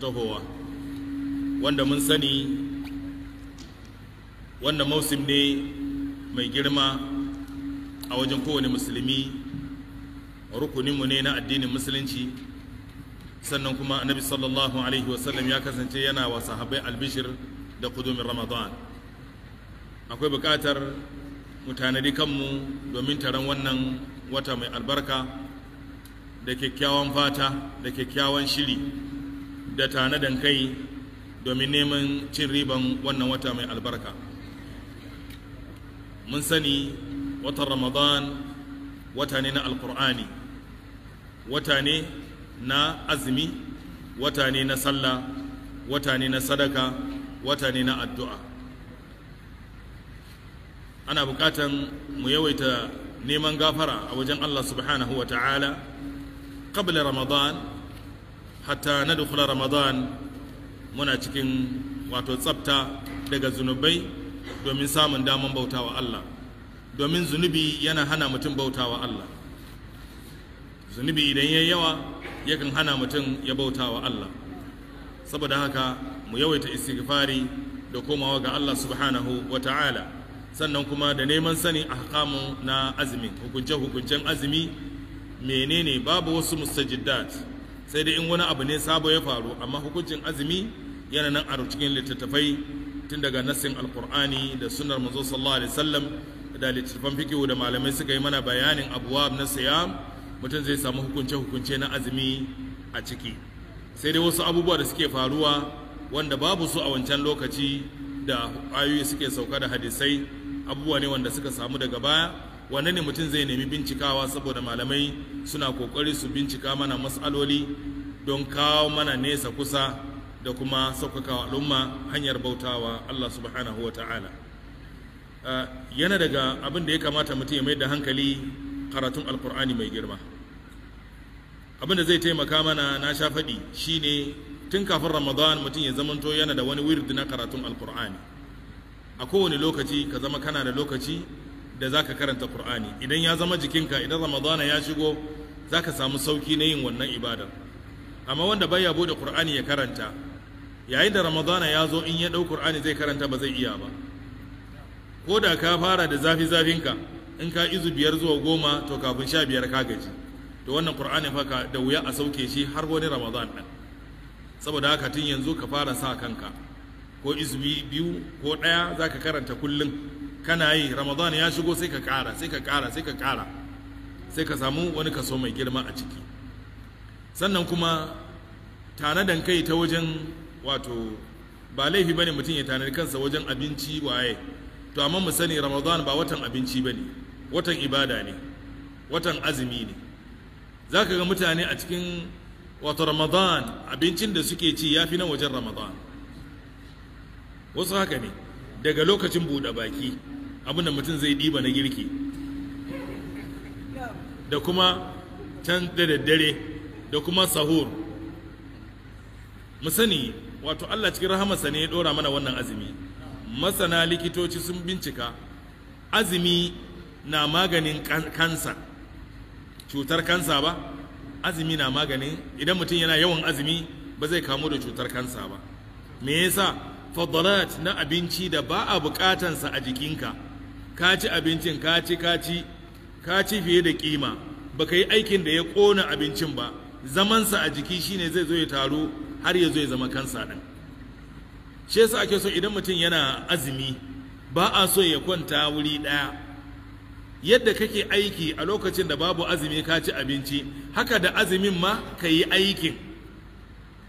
tahowa wanda mun sani wannan mausim ne mai girma a wajen kowane musulmi rukuninmu ne na addinin musulunci sannan kuma annabi sallallahu alaihi wasallam ya kasance yana wa sahabai albishir da kudumin ramadan akwai bukatar mu tanadi kanmu domin taron wannan wata mai albarka da kyakkyawan fata da kyakkyawan shiri da tanadan kai domin neman cin riban wannan wata mai albarka mun sani watan ramadan wata ne na alkur'ani wata ne na azumi wata ne na sallah wata ne na sadaka wata ne na addu'a ana bukatan mu yawaita neman gafara a wajen allah subhanahu wa ta'ala qabla ramadan hatta na dukula ramadan muna cikin wato tsafta daga zunubai domin samun daman bautawa Allah domin zunubi yana hana mutum bautawa Allah zunubi idan ya yawa yakan hana mutum ya bautawa Allah saboda haka mu yawaita istighfari da komawa ga Allah subhanahu wa ta'ala sannan kuma da neman sani ahkamu na azumi hukunce hukuncen azumi menene babu wasu mustajiddat sai dai in wani abu ne sabo ya faru amma hukuncin azumi yana nan a cikin littattafai tun daga nassin alkur'ani da sunnar manzo sallallahu alaihi wasallam da littattafan fikihu da malamai suka yi mana bayanin abuwa na siyam mutum zai samu hukunce hukunce na azumi a ciki sai dai wasu abubuwa da suke faruwa wanda babu su a wancan lokaci da ayoyi suke sauka da hadisai abubuwa ne wanda suka samu daga baya wanne ne mutum zai nemi bincikawa saboda malamai suna kokari su bincika mana matsaloli don kawo mana nesa kusa da kuma sauƙaƙa al'umma hanyar bautawa Allah subhanahu wa ta'ala uh, yana daga abin da ya kamata mutum ya mai da hankali karatun alkur'ani mai girma abin da zai taimaka mana na sha faɗi shine tun kafin ramadan mutum ya zamanto yana da wani wird na karatun alkur'ani a kowane lokaci ka zama kana da lokaci da zaka karanta Qur'ani idan ya zama jikinka idan Ramadana ya shigo zaka samu sauki na yin wannan ibadar amma wanda baya bude Qur'ani ya karanta yayin da Ramadana ya zo in ya dau Qur'ani zai karanta ba zai iya ba ko da ka fara da zafi zafinka in ka izu biyar zuwa goma to kafin sha biyar ka gaji to wannan Qur'ani fa ka da wuya a sauke shi har wani Ramadan din saboda haka tun yanzu ka fara sa kanka ko izumi biyu ko daya zaka karanta kullum kana yi ramadan ya shigo sai ka kara sai ka kara sai ka kara sai ka samu wani kaso mai girma a ciki sannan kuma tanadan kai ta wajen wato ba laifi bane mutum ya tanadi kansa wajen abinci waye to amma mu sani ramadan ba watan abinci bane watan ibada ne watan azumi ne zaka ga mutane a cikin wato ramadan abincin da suke ci yafi na wajen ramadan wasu haka ne daga lokacin buɗe baki abinda mutum zai ɗiba na girki da kuma can da daddare da kuma sahur mu sani wato Allah cikin rahamarsa ne ya ɗora mana wannan azumi masana likitoci sun bincika azumi na maganin kansa cutar kansa ba azumi na maganin idan mutum yana yawan azumi ba zai kamu da cutar kansa ba me yasa fadalat na abinci da ba a bukatansa a jikinka ka ci abincin ka ci ka ci ka ci fiye da kima baka yi aikin da ya kona abincin ba zamansa a jiki shine zai zo ya taru har ya zo ya zama kansa din shi yasa ake so idan mutum yana azumi ba a so ya kwanta wuri ɗaya yadda kake aiki a lokacin da babu azumi ka ci abinci haka da azumin ma ka yi aikin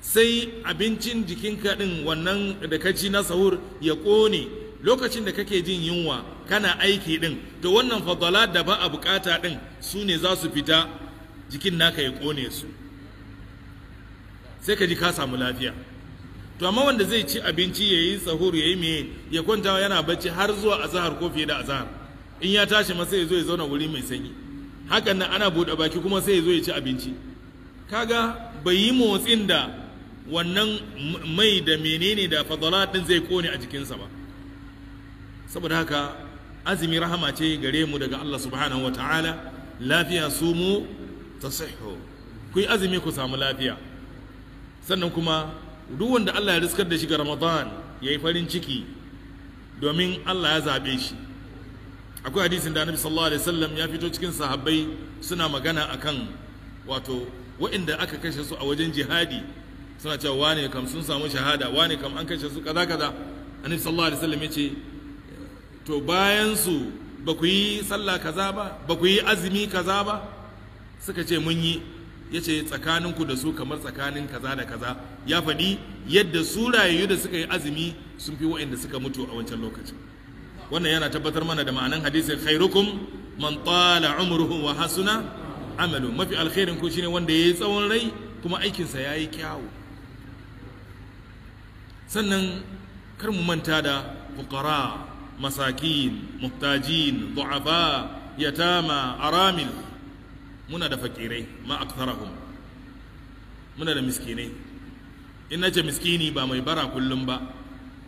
sai abincin jikinka ɗin wannan da ka ci na sahur ya ƙone lokacin da kake jin yunwa kana aiki ɗin to wannan fadala da ba a bukata ɗin su ne za su fita jikin naka ya ƙone su sai ka ji ka samu lafiya to amma wanda zai ci abinci ya yi sahur ya yi meye ya kwanta yana bacci har zuwa azahar ko fiye da azahar in ya tashi masa ya zo ya zauna wuri mai sanyi hakan nan ana buɗe baki kuma sai ya zo ya ci abinci kaga bai yi motsin da wannan mai da menene da fadalatin zai kone a jikinsa ba saboda haka azumi rahama ce gare mu daga Allah subhanahu wa ta'ala lafiya su mu ta ku yi azumi ku samu lafiya sannan kuma duk wanda Allah ya riskar da shi ga ramadan ya yi farin ciki domin Allah ya zaɓe shi akwai hadisin da annabi sallallahu alaihi wasallam ya fito cikin sahabbai suna magana akan wato waɗanda aka kashe su a wajen jihadi suna cewa wane kam sun samu shahada wane kam an kashe su kaza kaza annabi sallallahu alaihi wasallam yace to bayan su ba ku yi sallah kaza ba ba ku yi azumi kaza ba suka ce mun yi yace tsakaninku da su kamar tsakanin kaza da kaza ya faɗi yadda su rayu da suka yi azumi sun fi wa'anda suka mutu a wancan lokacin wannan yana tabbatar mana da ma'anan hadisin khairukum man tala umruhu wa hasuna amalu mafi alkhairin ku shine wanda yayi tsawon rai kuma aikinsa yayi kyawu sannan kar mu manta da fukara masakin muhtajin du'afa yatama aramil muna da fakirai ma aktharahum muna da miskinai in nace miskini ba mai bara kullum ba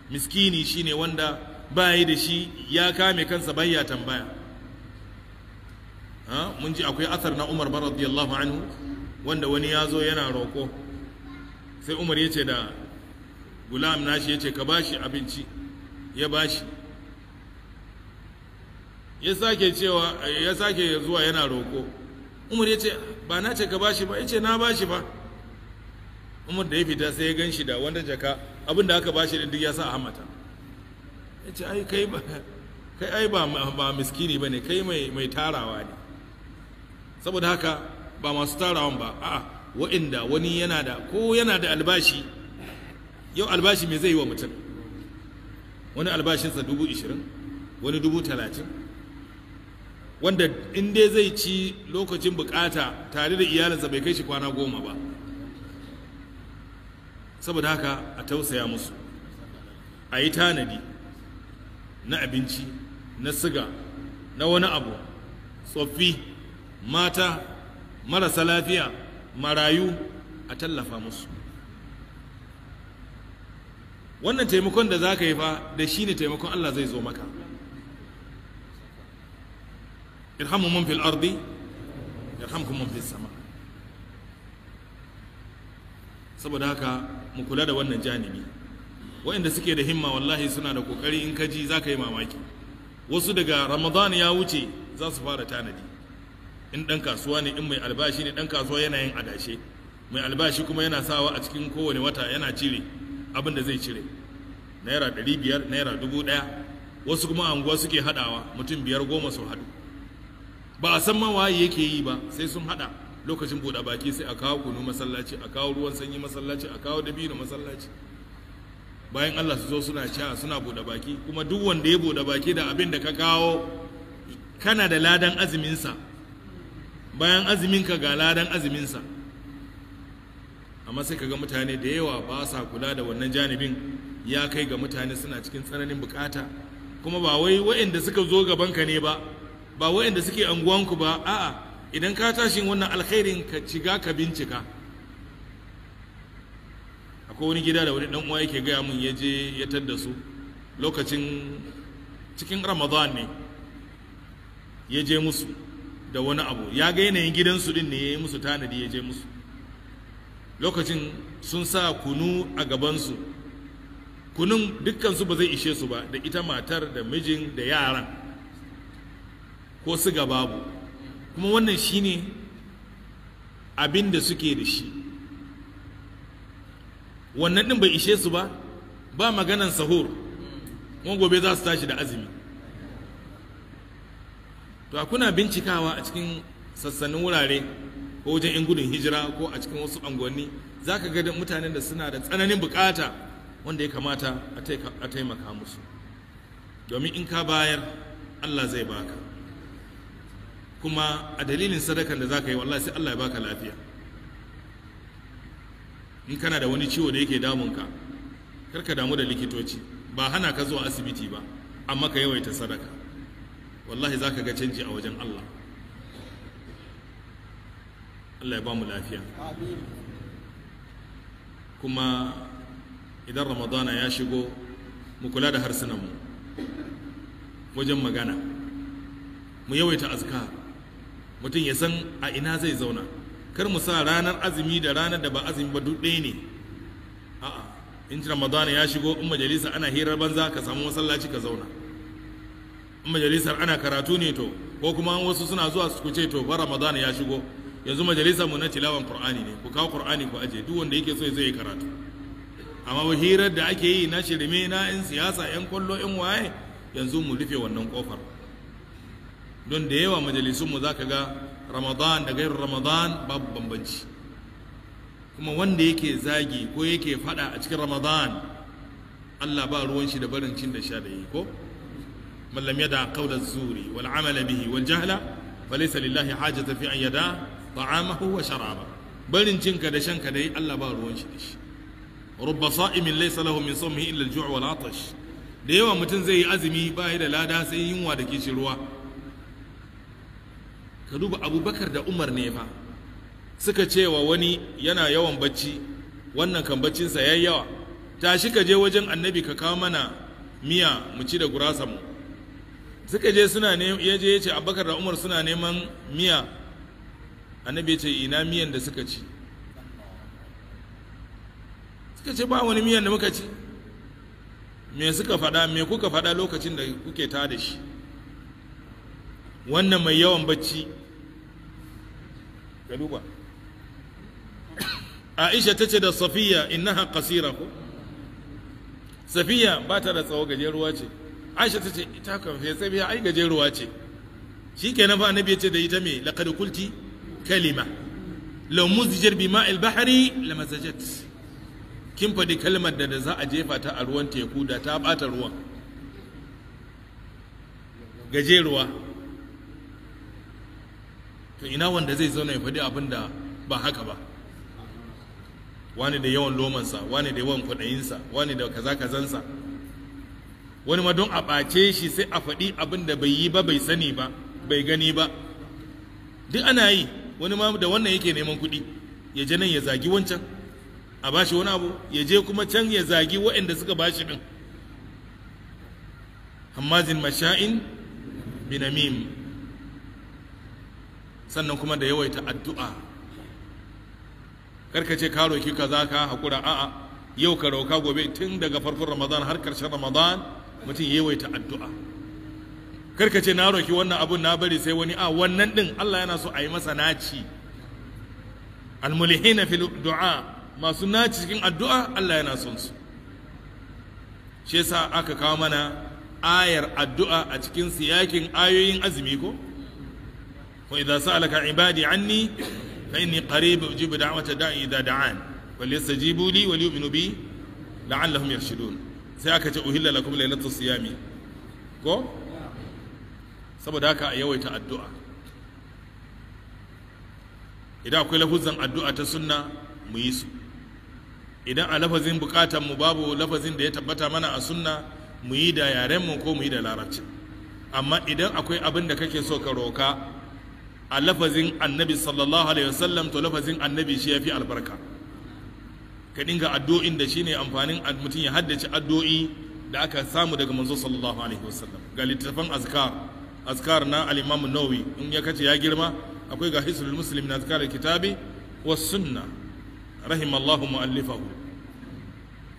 miskini shine wanda ba yi da shi ya kame kansa bayya tambaya mun ji akwai asar na umar radiyallahu anhu wanda wani ya zo yana roko sai umar ya ce da gulam nashi ya ce ka bashi abinci ya bashi ya sake cewa ya sake zuwa yana roƙo umar ya ce ba na ce ka bashi ba ya ce na bashi ba umar da ya fita sai ya gan shi da wanda jaka abin da aka bashi din duk ya sa a hamata ya ce ai kai ba kai ai ba ba miskini bane kai mai mai tarawa ne saboda haka ba masu tarawan ba a'a wa'inda wani yana da ko yana da albashi yau albashi me zai yi wa mutum wani albashinsa dubu ishirin wani dubu talatin wanda in dai zai ci lokacin bukata tare da iyalinsa bai kai shi kwana goma ba saboda haka a tausaya musu a yi tanadi na abinci na siga na wani abu tsoffi mata marasa lafiya marayu a tallafa musu wannan taimakon da za ka yi fa da shi ne taimakon Allah zai zo maka irhamu mun fil ardi irhamu mun fil sama saboda haka mu kula da wannan janibi waɗanda suke da himma wallahi suna da kokari in ka ji za ka yi mamaki wasu daga ramadan ya wuce za su fara tanadi in dan kasuwa ne in mai albashi ne dan kasuwa yana yin adashe mai albashi kuma yana sawa a cikin kowane wata yana cire abin da zai cire naira ɗari biyar naira dubu ɗaya wasu kuma anguwa suke haɗawa mutum biyar goma su haɗu ba a san mawaye waye yake yi ba sai sun haɗa lokacin buɗe baki sai a kawo kunu masallaci a kawo ruwan sanyi masallaci a kawo dabino masallaci bayan Allah su zo suna sha suna buɗe baki kuma duk wanda ya buɗe baki da abin da ka kawo kana da ladan sa bayan ka ga ladan azuminsa amma sai kaga mutane da yawa ba sa kula da wannan janibin ya kai ga mutane suna cikin tsananin bukata kuma ba wai wa'inda suka zo ka ne ba ba wa'inda suke anguwanku ba a'a idan ka tashi wannan alkhairin ka ciga ka bincika akwai wani gida da wani dan uwa yake gaya mun ya je ya tadda su lokacin cikin ramadan ne ya je musu da wani abu ya ga yanayin gidansu din ne ya yi musu tanadi ya je musu lokacin sun sa kunu a gabansu kunun dukkansu ba zai ishe su ba da ita matar da mijin da yaran ko su ga babu kuma wannan shine abin da suke da shi wannan din bai ishe su ba ba maganan sahur kuma gobe za su tashi da azumi to kuna bincikawa a cikin sassanin wurare ko wajen 'yan gudun hijira ko a cikin wasu unguwanni za ka ga mutanen da suna da tsananin bukata wanda ya kamata a taimaka musu domin in ka bayar allah zai baka kuma a dalilin sadakar da za ka yi wallahi sai allah ya baka lafiya in kana da wani ciwo da yake damunka kar ka damu da likitoci ba hana ka zuwa asibiti ba amma ka yawaita sadaka wallahi za ka ga canji a wajen allah Allah ya ba mu lafiya kuma idan ramadana ya shigo mu kula da harsunanmu wajen magana mu yawaita azka, mutum ya san a ina zai zauna kar mu sa ranar azumi da ranar da ba azumi ba duk ɗaya ne a'a in ramadana ya shigo in majalisa ana hirar banza ka samu masallaci ka zauna in majalisar ana karatu ne to ko kuma wasu suna zuwa su ce to ba ramadana ya shigo yanzu majalisa mu na tilawan qur'ani ne ku kawo qur'ani ku aje duk wanda yake so ya zo ya karatu amma ba hirar da ake yi na shirme na yan siyasa yan kwallo yan waye yanzu mu rufe wannan kofar don da yawa majalisun mu zaka ga ramadan da gairar ramadan babu bambanci kuma wanda yake zagi ko yake fada a cikin ramadan Allah ba ruwan shi da barin cin da sha da yi ko man yada zuri wal amala bihi wal jahla falaysa lillahi hajata fi an yada ta'amahu wa sharaba barin cinka da shanka da Allah ba ruwan shi da shi rubba sa'imin laysa lahu min sawmihi mu yi ju wal atash da yawa mutum zai yi azumi ba da lada sai yunwa da kishi ruwa ka duba abubakar da umar ne fa suka ce wani yana yawan bacci wannan kan baccinsa ya yawa tashi ka je wajen annabi ka kawo mana miya mu ci da gurasa mu suka je suna ne ya ya ce abubakar da umar suna neman miya annabi ce ina miyan da suka ci suka ce ba wani miyan da muka ci me suka faɗa me kuka faɗa lokacin da kuke ta da shi wannan mai yawan bacci ga duba aisha ta ce da safiya innaha kasira ko safiya ba ta da tsawo gajeruwa ce aisha ta ce ita kan fesa biya ai gajeruwa ce shi ke nan ba annabi ya ce da ita me lakadukulti kulti kalima law muzjar bi ma'il bahri kin faɗi kalmar da za a jefa ta a ruwan teku da ta ɓata ruwan gajeruwa to ina wanda zai zauna ya faɗi abin da ba haka ba wani da yawan lomansa wani da yawan kwaɗayinsa wani da kaza kazansa wani ma don a ɓace shi sai a faɗi abin da bai yi ba bai sani ba bai gani ba duk ana yi wani ma da wannan yake neman kuɗi ya je nan ya zagi wancan a bashi wani abu ya je kuma can ya zagi waɗanda suka bashi ɗin hammazin masha'in binamim sannan kuma da yawaita addu'a ka ce ka roki kaza ka haƙura a'a yau ka roka gobe tun daga farkon ramadan har ƙarshen ramadan mutum yawaita addu'a karka ce na roki wannan abun na bari sai wani a wannan din Allah yana so a yi masa naci almulihina fil du'a masu naci cikin addu'a Allah yana son su shi yasa aka kawo mana ayar addu'a a cikin siyakin ayoyin azumi ko wa idza sa'alaka ibadi anni fa inni qarib ujibu da'wata da'i idza da'an falyastajibu li wa liyu'minu bi la'allahum yarshudun sai aka ce uhilla lakum laylatu siyami ko saboda haka a yawaita addu'a idan akwai lafuzan addu'a ta sunna mu yi su idan a lafazin bukatan mu babu lafazin da ya tabbata mana a sunna mu yi da yaren mu ko mu yi da larabci amma idan akwai abin da kake so ka roka a lafazin annabi sallallahu alaihi wasallam to lafazin annabi shi ya fi albarka ka dinga addu'in da shine amfanin mutum ya haddace addu'i da aka samu daga manzo sallallahu alaihi wasallam ga littafan azkar azkar na al-imam nawawi in ya kace ya girma akwai ga hisrul muslim na azkar kitabi wa sunna rahimallahu mu'allifahu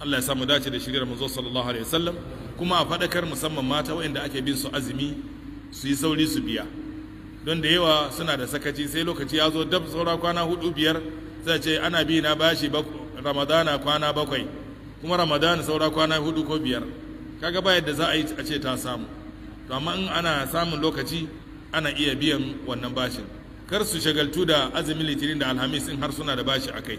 Allah ya samu dace da shirin manzo sallallahu alaihi wasallam kuma a fadakar musamman mata wanda ake bin su azumi su yi sauri su biya don da yawa suna da sakaci sai lokaci ya zo dab saura kwana hudu biyar sai ce ana bi na bashi ramadana kwana bakwai kuma ramadana saura kwana hudu ko biyar kaga ba yadda za a yi a ce ta samu to in ana samun lokaci ana iya biyan wannan bashin kar su shagaltu da azumin litinin da alhamis in har suna da bashi a kai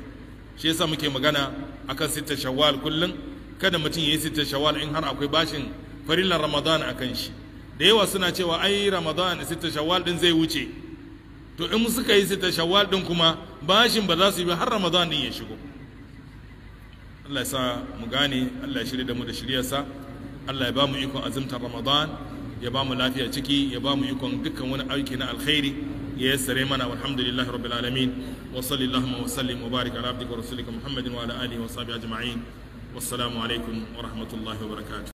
shi yasa muke magana akan sitta shawwal kullum kada mutum ya yi sita shawwal in har akwai bashin farillar ramadan a shi da yawa suna cewa ai ramadan sitta shawwal din zai wuce to in suka yi sitta shawwal din kuma bashin ba za su yi har ramadan din ya shigo Allah ya sa mu gane Allah ya shirya da mu da shiryarsa Allah ya ba mu ikon azumtar ramadan ya ba mu lafiya ciki ya ba mu ikon dukkan wani aiki na alkhairi ya yassare mana alhamdulillahi rabbil alamin wa sallallahu wa sallim wa barik ala abdika wa rasulika muhammadin wa ala alihi wa sahbihi ajma'in wassalamu alaikum wa rahmatullahi wa barakatuh